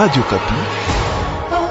Radio Okapi. Oh,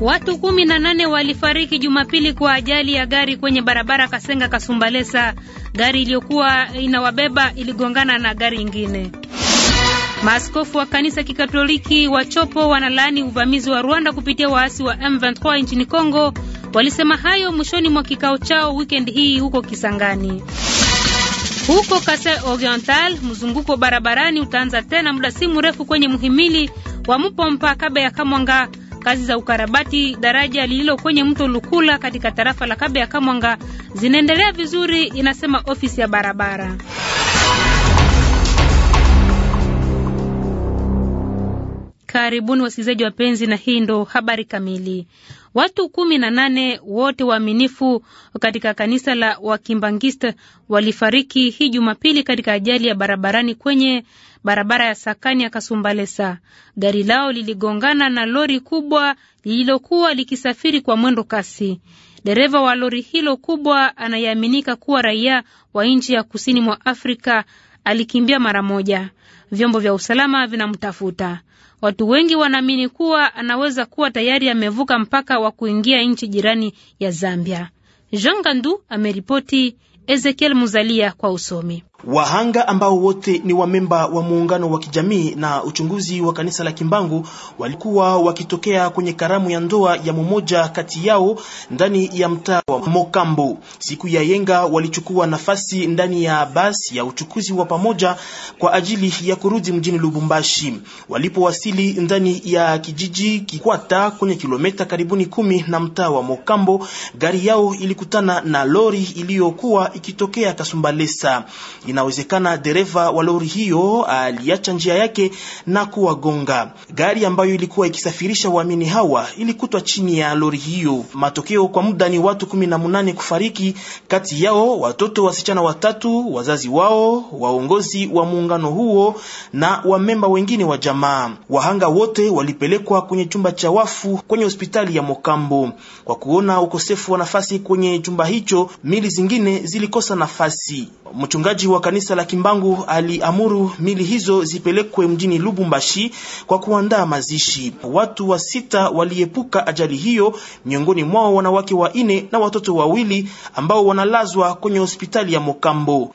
Watu kumi na nane walifariki Jumapili kwa ajali ya gari kwenye barabara Kasenga Kasumbalesa. Gari iliyokuwa inawabeba iligongana na gari ingine. Maaskofu wa kanisa Kikatoliki wa Chopo wanalaani uvamizi wa Rwanda kupitia waasi wa M23 nchini Kongo Walisema hayo mwishoni mwa kikao chao weekend hii huko Kisangani. Huko Kasai Oriental, mzunguko barabarani utaanza tena muda si mrefu kwenye mhimili wa kabe Kabeya Kamwanga. Kazi za ukarabati daraja lililo kwenye mto Lukula katika tarafa la Kabeya Kamwanga zinaendelea vizuri, inasema ofisi ya barabara. Karibuni wasikilizaji wapenzi, na hii ndo habari kamili. Watu kumi na nane wote waaminifu katika kanisa la Wakimbangist walifariki hii Jumapili katika ajali ya barabarani kwenye barabara ya Sakani ya Kasumbalesa. Gari lao liligongana na lori kubwa lililokuwa likisafiri kwa mwendo kasi. Dereva wa lori hilo kubwa anayeaminika kuwa raia wa nchi ya kusini mwa Afrika alikimbia mara moja. Vyombo vya usalama vinamtafuta. Watu wengi wanaamini kuwa anaweza kuwa tayari amevuka mpaka wa kuingia nchi jirani ya Zambia. Jean Gandu ameripoti. Ezekiel Muzalia kwa usomi. Wahanga ambao wote ni wamemba wa muungano wa kijamii na uchunguzi wa kanisa la Kimbangu walikuwa wakitokea kwenye karamu ya ndoa ya mmoja kati yao ndani ya mtaa wa Mokambo. Siku ya yenga walichukua nafasi ndani ya basi ya uchukuzi wa pamoja kwa ajili ya kurudi mjini Lubumbashi. Walipowasili ndani ya kijiji Kikwata kwenye kilomita karibuni kumi na mtaa wa Mokambo, gari yao ilikutana na lori iliyokuwa ikitokea Kasumbalesa. Inawezekana dereva wa lori hiyo aliacha njia yake na kuwagonga. Gari ambayo ilikuwa ikisafirisha waamini hawa ilikutwa chini ya lori hiyo. Matokeo kwa muda ni watu kumi na munane kufariki, kati yao watoto wasichana watatu, wazazi wao, waongozi wa muungano huo na wamemba wengine wa jamaa. Wahanga wote walipelekwa kwenye chumba cha wafu kwenye hospitali ya Mokambo. Kwa kuona ukosefu wa nafasi kwenye chumba hicho, mili zingine zilikosa nafasi. Mchungaji wa kanisa la Kimbangu aliamuru mili hizo zipelekwe mjini Lubumbashi kwa kuandaa mazishi. Watu wa sita waliepuka ajali hiyo, miongoni mwao wanawake wa ine na watoto wawili ambao wanalazwa kwenye hospitali ya Mokambo.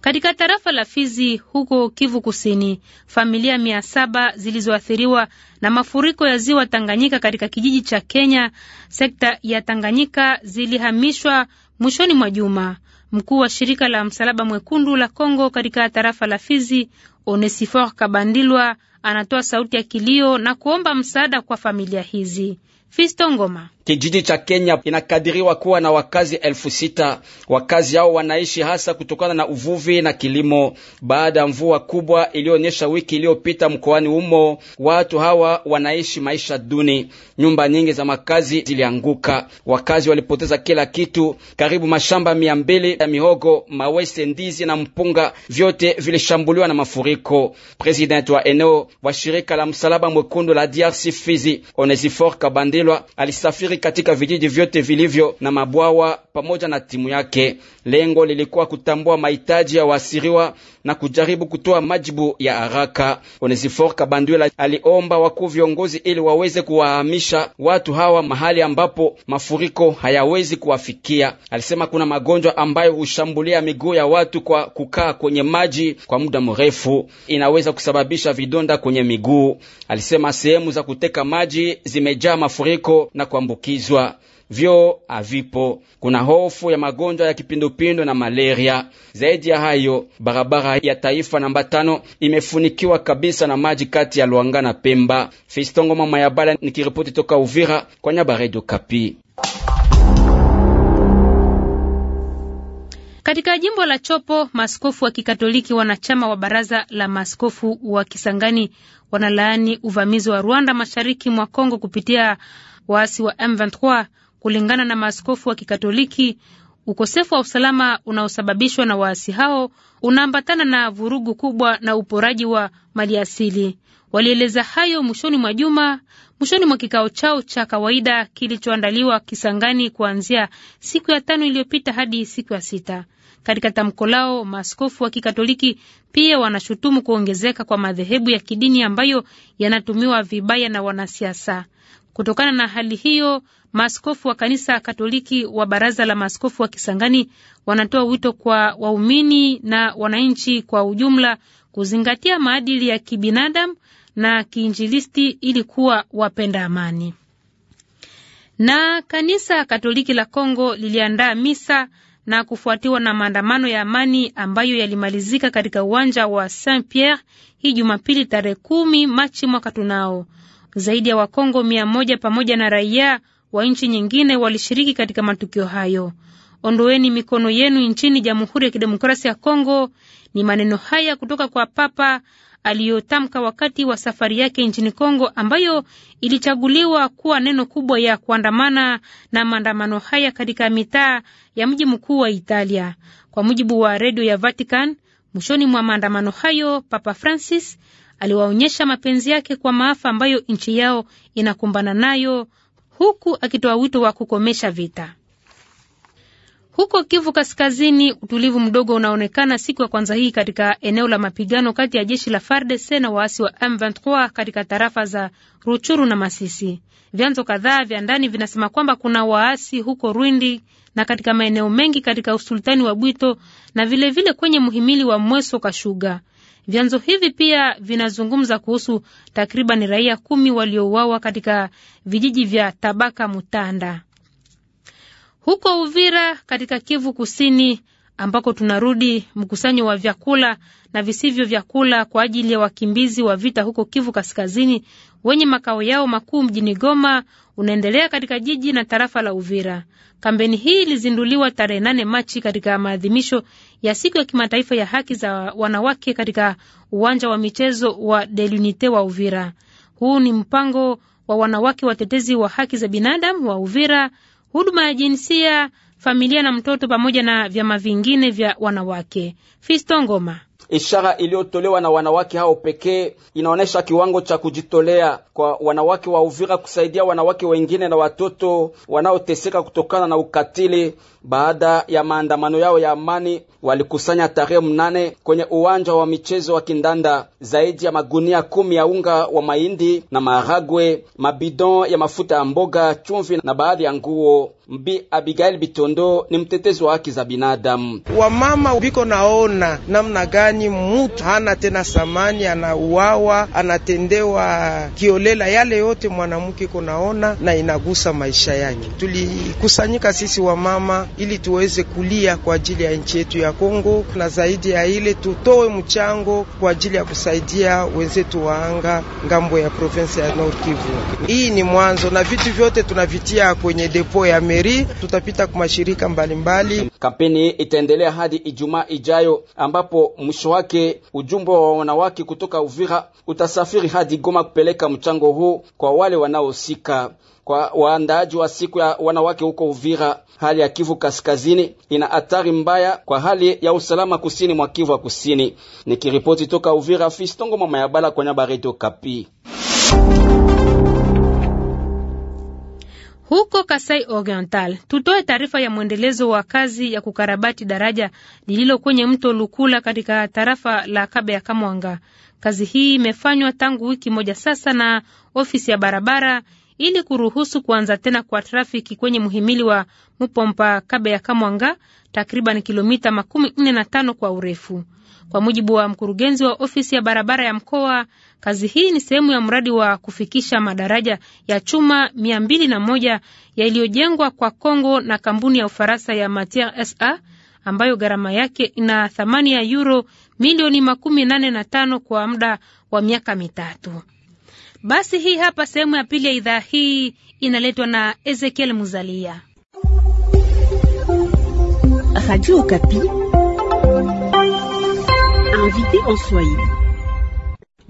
Katika tarafa la Fizi huko Kivu Kusini, familia mia saba zilizoathiriwa na mafuriko ya ziwa Tanganyika katika kijiji cha Kenya, sekta ya Tanganyika, zilihamishwa mwishoni mwa juma. Mkuu wa shirika la Msalaba Mwekundu la Kongo katika tarafa la Fizi, Onesifor Kabandilwa, anatoa sauti ya kilio na kuomba msaada kwa familia hizi. Fisto Ngoma Kijiji cha Kenya inakadiriwa kuwa na wakazi elfu sita. Wakazi hao wanaishi hasa kutokana na uvuvi na kilimo. Baada ya mvua kubwa iliyoonyesha wiki iliyopita mkoani humo, watu hawa wanaishi maisha duni. Nyumba nyingi za makazi zilianguka, wakazi walipoteza kila kitu. Karibu mashamba mia mbili ya mihogo, mawese, ndizi na mpunga vyote vilishambuliwa na mafuriko. President wa eneo wa shirika la Msalaba Mwekundu la DRC Fizi, Onesifor Kabandilwa, alisafiri habari katika vijiji vyote vilivyo na mabwawa pamoja na timu yake. Lengo lilikuwa kutambua mahitaji ya wasiriwa na kujaribu kutoa majibu ya haraka. Onesifor Kabandwila aliomba wakuu viongozi ili waweze kuwahamisha watu hawa mahali ambapo mafuriko hayawezi kuwafikia. Alisema kuna magonjwa ambayo hushambulia miguu ya watu kwa kukaa kwenye maji kwa muda mrefu, inaweza kusababisha vidonda kwenye miguu. Alisema sehemu za kuteka maji zimejaa mafuriko na kuambukizwa vyo havipo. Kuna hofu ya magonjwa ya kipindupindu na malaria. Zaidi ya hayo, barabara ya taifa namba tano imefunikiwa kabisa na maji kati ya Luanga na Pemba. Fistongo mama ya Bala nikiripoti toka Uvira kwa nyaba Redio Kapi. Katika jimbo la Chopo, maskofu wa Kikatoliki wanachama wa baraza la maskofu wa Kisangani wanalaani uvamizi wa Rwanda mashariki mwa Kongo kupitia waasi wa M23 Kulingana na maaskofu wa Kikatoliki, ukosefu wa usalama unaosababishwa na waasi hao unaambatana na vurugu kubwa na uporaji wa maliasili. Walieleza hayo mwishoni mwa juma, mwishoni mwa kikao chao cha kawaida kilichoandaliwa Kisangani kuanzia siku ya tano iliyopita hadi siku ya sita. Katika tamko lao, maaskofu wa Kikatoliki pia wanashutumu kuongezeka kwa madhehebu ya kidini ambayo yanatumiwa vibaya na wanasiasa. Kutokana na hali hiyo, maaskofu wa kanisa Katoliki wa Baraza la Maaskofu wa Kisangani wanatoa wito kwa waumini na wananchi kwa ujumla kuzingatia maadili ya kibinadamu na kiinjilisti ili kuwa wapenda amani. Na kanisa Katoliki la Kongo liliandaa misa na kufuatiwa na maandamano ya amani ambayo yalimalizika katika uwanja wa Saint Pierre hii Jumapili tarehe kumi Machi mwaka tunao. Zaidi ya Wakongo mia moja pamoja na raia wa nchi nyingine walishiriki katika matukio hayo. Ondoeni mikono yenu nchini Jamhuri ya Kidemokrasia ya Kongo ni maneno haya kutoka kwa Papa aliyotamka wakati wa safari yake nchini Kongo ambayo ilichaguliwa kuwa neno kubwa ya kuandamana na maandamano haya katika mitaa ya mji mkuu wa Italia. Kwa mujibu wa redio ya Vatican, mwishoni mwa maandamano hayo Papa Francis aliwaonyesha mapenzi yake kwa maafa ambayo nchi yao inakumbana nayo, huku akitoa wito wa kukomesha vita. Huko Kivu Kaskazini, utulivu mdogo unaonekana siku ya kwanza hii katika eneo la mapigano kati ya jeshi la FARDC na waasi wa M23 katika tarafa za Ruchuru na Masisi. Vyanzo kadhaa vya ndani vinasema kwamba kuna waasi huko Rwindi na katika maeneo mengi katika usultani wa Bwito na vilevile vile kwenye mhimili wa Mweso Kashuga. Vyanzo hivi pia vinazungumza kuhusu takriban raia kumi waliouawa katika vijiji vya Tabaka Mutanda huko Uvira katika Kivu Kusini ambako tunarudi. Mkusanyo wa vyakula na visivyo vyakula kwa ajili ya wakimbizi wa vita huko Kivu Kaskazini wenye makao yao makuu mjini Goma unaendelea katika jiji na tarafa la Uvira. Kampeni hii ilizinduliwa tarehe nane Machi katika maadhimisho ya siku ya kimataifa ya haki za wanawake katika uwanja wa michezo wa Delunite wa Uvira. Huu ni mpango wa wanawake watetezi wa haki za binadamu wa Uvira, huduma ya jinsia, familia na mtoto, pamoja na vyama vingine vya wanawake. Fisto Ngoma. Ishara iliyotolewa na wanawake hao pekee inaonyesha kiwango cha kujitolea kwa wanawake wa Uvira kusaidia wanawake wengine na watoto wanaoteseka kutokana na ukatili baada ya maandamano yao ya amani walikusanya tarehe mnane kwenye uwanja wa michezo wa Kindanda zaidi ya magunia kumi ya unga wa mahindi na maharagwe, mabidon ya mafuta ya mboga, chumvi na baadhi ya nguo. Mbi Abigail Bitondo ni mtetezi wa haki za binadamu. Wamama biko naona namna gani mutu hana tena samani, anauawa, anatendewa kiolela, yale yote mwanamke iko naona na inagusa maisha yake. Tulikusanyika sisi wamama ili tuweze kulia kwa ajili ya nchi yetu ya Kongo, na zaidi ya ile tutoe mchango kwa ajili ya kusaidia wenzetu waanga ngambo ya province ya Nord Kivu. Hii ni mwanzo, na vitu vyote tunavitia kwenye depo ya meri, tutapita kwa mashirika mbalimbali. Kampeni itaendelea hadi Ijumaa ijayo, ambapo mwisho wake ujumbe wa wanawake kutoka Uvira utasafiri hadi Goma kupeleka mchango huu kwa wale wanaohusika kwa waandaaji wa siku ya wanawake huko Uvira. Hali ya Kivu Kaskazini ina athari mbaya kwa hali ya usalama kusini mwa Kivu ya Kusini. Nikiripoti toka Uvira, Fistongo mama ya Bala kwenye Bareto Kapi. Huko Kasai Oriental tutoe taarifa ya mwendelezo wa kazi ya kukarabati daraja lililo kwenye mto Lukula katika tarafa la Kabeya Kamwanga. Kazi hii imefanywa tangu wiki moja sasa na ofisi ya barabara ili kuruhusu kuanza tena kwa trafiki kwenye muhimili wa Mupompa ya Kamwanga, takriban kilomita makumi nne na tano kwa urefu. Kwa mujibu wa mkurugenzi wa ofisi ya barabara ya mkoa, kazi hii ni sehemu ya mradi wa kufikisha madaraja ya chuma mia mbili na moja yaliyojengwa kwa Kongo na kampuni ya Ufaransa ya Matiere SA ambayo gharama yake ina thamani ya euro milioni makumi nane na tano kwa muda wa miaka mitatu. Basi hii hapa sehemu ya pili ya idhaa hii inaletwa na Ezekiel Muzalia. Radio Okapi. Invité en Swahili.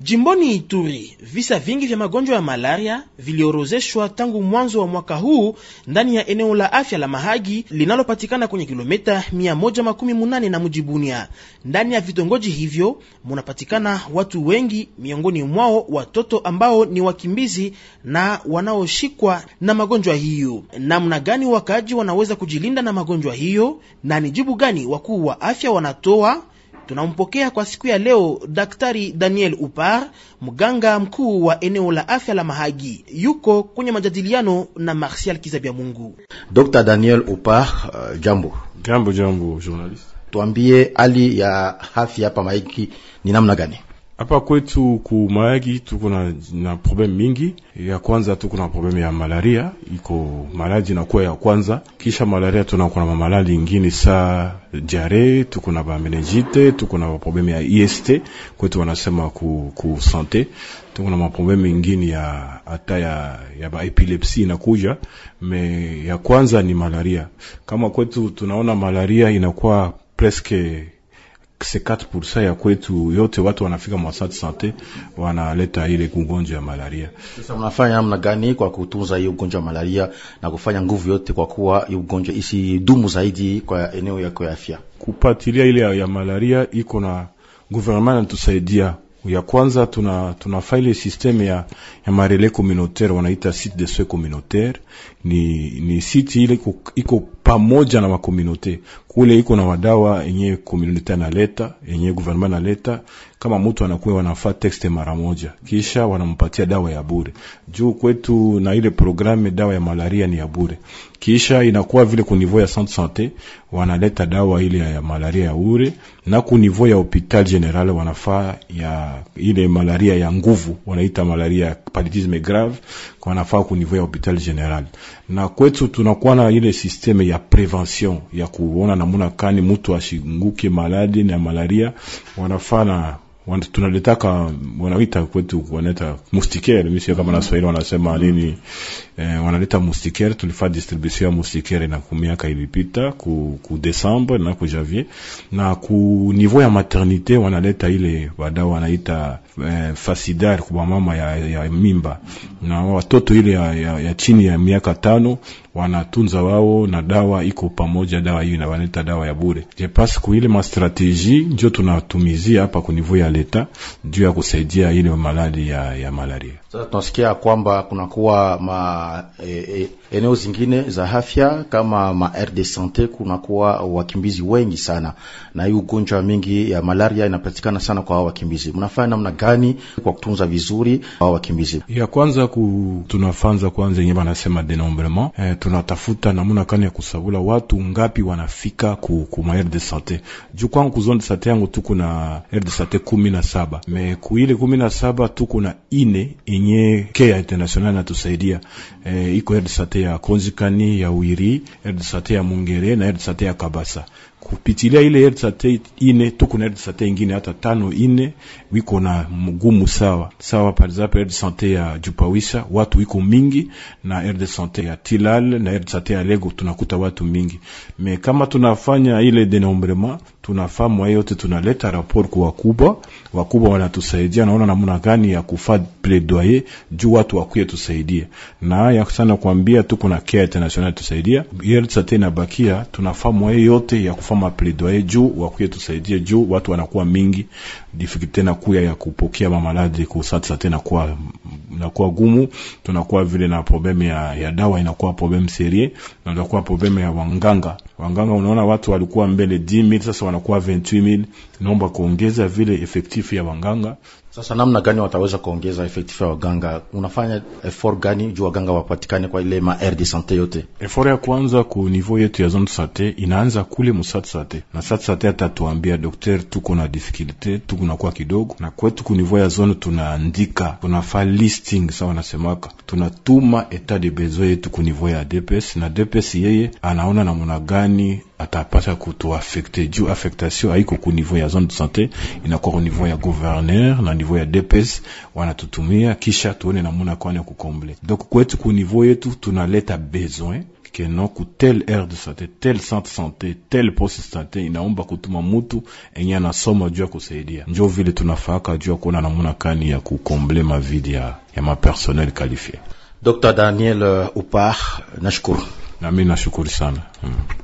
Jimboni Ituri, visa vingi vya magonjwa ya malaria viliorozeshwa tangu mwanzo wa mwaka huu ndani ya eneo la afya la Mahagi linalopatikana kwenye kilomita 118 na mji Bunia. Ndani ya vitongoji hivyo munapatikana watu wengi, miongoni mwao watoto ambao ni wakimbizi na wanaoshikwa na magonjwa hiyo. Namna gani wakaaji wanaweza kujilinda na magonjwa hiyo, na ni jibu gani wakuu wa afya wanatoa Tunampokea kwa siku ya leo Daktari Daniel Upar, mganga mkuu wa eneo la afya la Mahagi. Yuko kwenye majadiliano na Martial Kizabia Mungu. Dr. Daniel Upar, uh, jambo. Jambo, jambo, journalist. Tuambie hali ya afya hapa Mahagi ni namna gani? Hapa kwetu ku Mahagi tuko na, na problem mingi. Ya kwanza tuko na problem ya malaria, iko maradhi inakuwa ya kwanza, kisha malaria tunakuwa na mamalali lingine saa jare, tuko na bamenejite, tuko na problem ya IST kwetu wanasema ku, ku sante, tuko na maproblemu mingine ya hata ya, ya ba epilepsi inakuja. Me ya kwanza ni malaria. Kama kwetu tunaona malaria inakuwa preske 4 ya kwetu yote watu wanafika mwasati sante wanaleta ile ugonjwa ya malaria. Sasa mnafanya namna gani kwa kutunza hiyo ugonjwa wa malaria na kufanya nguvu yote kwa kuwa hiyo ugonjwa isidumu zaidi kwa eneo yako ya afya? Kupatilia ile ya malaria iko na government natusaidia ya kwanza tuna, tuna faile systeme ya, ya marele communautaire wanaita site de soins communautaire. Ni, ni site ile iko pamoja na makomunaute kule, iko na wadawa yenye komunaute analeta yenye gouvernement analeta. Kama mtu anakuwa wanafaa texte mara moja, kisha wanampatia dawa ya bure juu kwetu, na ile programme dawa ya malaria ni ya bure kisha inakuwa vile niveau ya centre sante wanaleta dawa ile ya malaria ya ure na ku niveau ya hopital general wanafaa ya ile malaria ya nguvu wanaita malaria ya paludisme grave wanafaa niveau ya hopital general. Na kwetu tunakuwa na ile systeme ya prevention ya kuona namuna kani mtu ashinguke maladi na malaria wanafaa na Wanda tunalitaka wanaita kwetu wanaita mustiker mimi sio kama na Swahili wanasema nini eh, wanaleta mustiker. Tulifanya distribution ya mustiker na ku miaka ilipita ku, ku Desembre na ku Janvier, na ku niveau ya maternite wanaleta ile wadau wanaita eh, fasidar kwa mama ya, ya mimba na watoto ile ya, ya, ya chini ya miaka tano wanatunza wao na dawa iko pamoja, dawa hiyo na wanaleta dawa ya bure. Je, pas ku ile ma strategie ndio tunatumizia hapa ku niveau ya leta juu ya kusaidia ile malali ya, ya malaria. Sasa tunasikia kwamba kunakuwa ma e, e, eneo zingine za afya kama ma aire de sante kunakuwa wakimbizi wengi sana, na hii ugonjwa mingi ya malaria inapatikana sana kwa hao wakimbizi. Mnafanya namna gani kwa kutunza vizuri hao wakimbizi? Ya kwanza ku, tunafanza kwanza yenyewe wanasema denombrement eh, tunatafuta namna kani ya kusabula watu ngapi wanafika ku, ku ma aire de sante. Juu kwangu ku zone de sante yangu tuko na aire de sante kumi kumi na saba me kuile kumi na saba tuko na ine enye Kea International natusaidia e, eh, iko RDSAT ya Konzikani ya Wiri, RDSAT ya Mungere na RDSAT ya Kabasa kupitilia ile RDSAT ine tuko na RDSAT ingine hata tano ine wiko na mgumu sawa sawa. Par exemple RDSAT ya jupawisa watu wiko mingi, na RDSAT ya Tilal na RDSAT ya Lego tunakuta watu mingi. Me kama tunafanya ile denombrema tunafaa mwa yote, tunaleta rapport kwa wakubwa. Wakubwa wanatusaidia, naona namna gani ya kufa plaidoyer juu watu wakuye tusaidie, na ya sana kuambia tu kuna care international tusaidia yale sasa na bakia, tunafaa mwa yote ya kufama plaidoyer juu wakuye tusaidie, juu watu wanakuwa mingi na kuya ya kupokea mamaladi kusatsa te nakuwa, nakuwa gumu, tunakuwa vile na probleme ya, ya dawa inakuwa probleme serie, na tunakuwa probleme ya wanganga. Wanganga unaona watu walikuwa mbele 10000 sasa wanakuwa 28000 naomba kuongeza vile efektifu ya wanganga sasa namna gani wataweza kuongeza efektifu ya waganga? Unafanya effort gani juu waganga wapatikane kwa ile ma aire de sante yote? Effort ya kwanza ku niveau yetu ya zone sante inaanza kule musat sante, na sat sante atatuambia dokter, tuko na difficulty, tuko na kwa kidogo. Na kwetu ku niveau ya zone tunaandika, tunafanya listing sawa, nasemaka tunatuma etat de besoin yetu ku niveau ya DPS, na DPS yeye anaona namna gani atapata kutuafekte juu afektasio aiko ku niveau ya zone de sante, inakuwa ku niveau ya gouverneur na niveau ya DPS wanatutumia, kisha tuone namuna kwani ya kukomble. Donc kwetu ku niveau yetu tunaleta besoin keno ku tel aire de sante, tel centre sante, tel poste sante, inaomba kutuma mutu enye anasoma juu ya kusaidia. Njo vile tunafaka juu ya kuona namuna kani ya kukomble mavidi ya, ya mapersonel kalifie. Dr Daniel euh, Upar, nashukuru nami nashukuru sana hmm.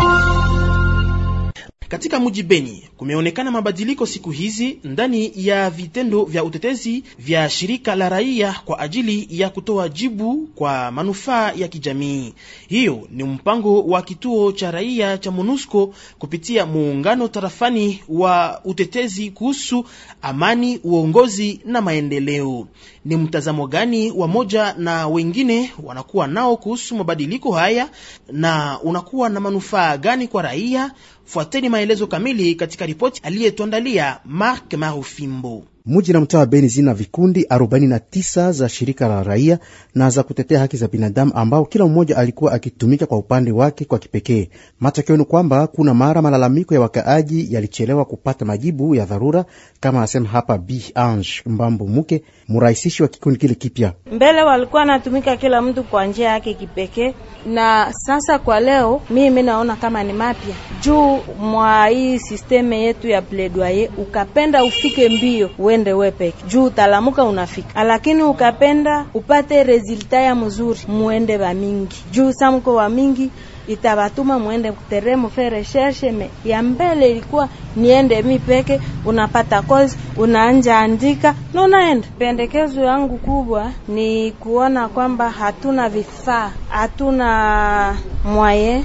Katika mji Beni kumeonekana mabadiliko siku hizi ndani ya vitendo vya utetezi vya shirika la raia kwa ajili ya kutoa jibu kwa manufaa ya kijamii. Hiyo ni mpango wa kituo cha raia cha MONUSCO kupitia muungano tarafani wa utetezi kuhusu amani, uongozi na maendeleo. Ni mtazamo gani wa moja na wengine wanakuwa nao kuhusu mabadiliko haya na unakuwa na manufaa gani kwa raia? Fuateni maelezo kamili katika ripoti aliyetuandalia Mark Marufimbo. Muji na mtaa wa Beni zina vikundi 49 za shirika la raia na za kutetea haki za binadamu, ambao kila mmoja alikuwa akitumika kwa upande wake kwa kipekee. Matokeo ni kwamba kuna mara malalamiko ya wakaaji yalichelewa kupata majibu ya dharura, kama asema hapa B Ange Mbambo Muke, mrahisishi wa kikundi kile kipya. Mbele walikuwa anatumika kila mtu kwa njia yake kipekee, na sasa kwa leo mimi naona kama ni mapya juu mwa hii sisteme yetu ya pledoyer, ukapenda ufike mbio uende we peke juu utalamuka unafika, lakini ukapenda upate resulta ya mzuri, muende ba mingi juu samko wa mingi itabatuma muende kutere mufe recherche. Me ya mbele ilikuwa niende mi peke, unapata kozi, unaanja andika na unaenda. Pendekezo yangu kubwa ni kuona kwamba hatuna vifaa, hatuna mwaye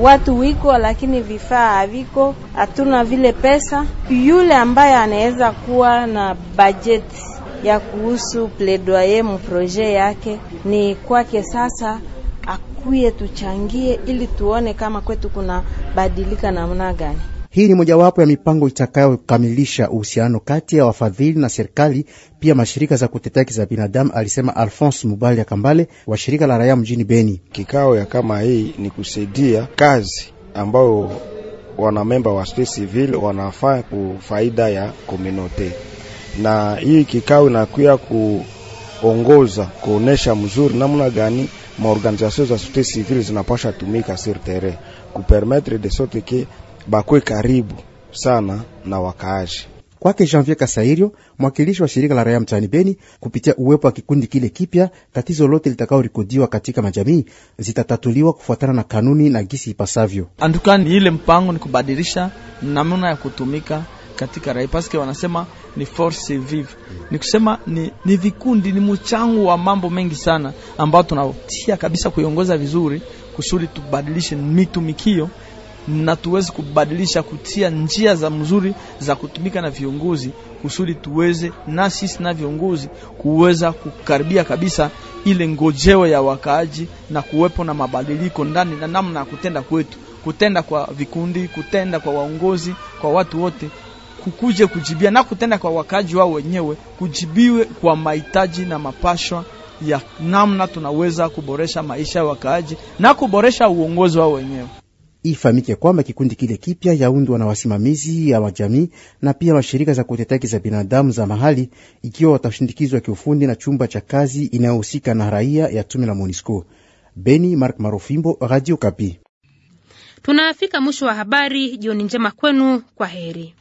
watu wiko lakini vifaa haviko, hatuna vile pesa. Yule ambaye anaweza kuwa na bajeti ya kuhusu pledoyer mu projet yake ni kwake sasa akuye tuchangie, ili tuone kama kwetu kuna badilika namna gani. Hii ni mojawapo ya mipango itakayokamilisha uhusiano kati ya wafadhili na serikali pia mashirika za kutetea haki za binadamu, alisema Alphonse Mubali ya Kambale wa shirika la raia mjini Beni. Kikao ya kama hii ni kusaidia kazi ambayo wanamemba wa societe civile wanafaa faida ya komunote, na hii kikao inakuya kuongoza kuonesha mzuri namna gani maorganizasio za societe civile zinapasha tumika sur terrain kupermetre de sorte que bakwe karibu sana na wakaaji kwake Janvier Kasairio, mwakilishi wa shirika la raia mtaani Beni, kupitia uwepo wa kikundi kile kipya, tatizo lote litakaorikodiwa katika majamii zitatatuliwa kufuatana na kanuni na gisi ipasavyo. Andukani ile mpango ni kubadilisha namna ya kutumika katika raia paske wanasema ni force vive, ni kusema ni, ni vikundi, ni mchango wa mambo mengi sana ambao tunatia kabisa kuiongoza vizuri kusudi tubadilishe mitumikio na tuweze kubadilisha kutia njia za mzuri za kutumika na viongozi kusudi tuweze na sisi na viongozi kuweza kukaribia kabisa ile ngojewe ya wakaaji na kuwepo na mabadiliko ndani na namna ya kutenda kwetu, kutenda kwa vikundi, kutenda kwa waongozi, kwa watu wote kukuje kujibia na kutenda kwa wakaaji wao wenyewe, kujibiwe kwa mahitaji na mapashwa ya namna tunaweza kuboresha maisha ya wakaaji na kuboresha uongozi wao wenyewe. Ifahamike kwamba kikundi kile kipya yaundwa na wasimamizi ya wajamii na pia mashirika za kutetaki za binadamu za mahali, ikiwa watashindikizwa kiufundi na chumba cha kazi inayohusika na raia ya tume la MONUSCO. Beni, Mark Marofimbo, Radio Kapi. Tunafika mwisho wa habari. Jioni njema kwenu, kwa heri.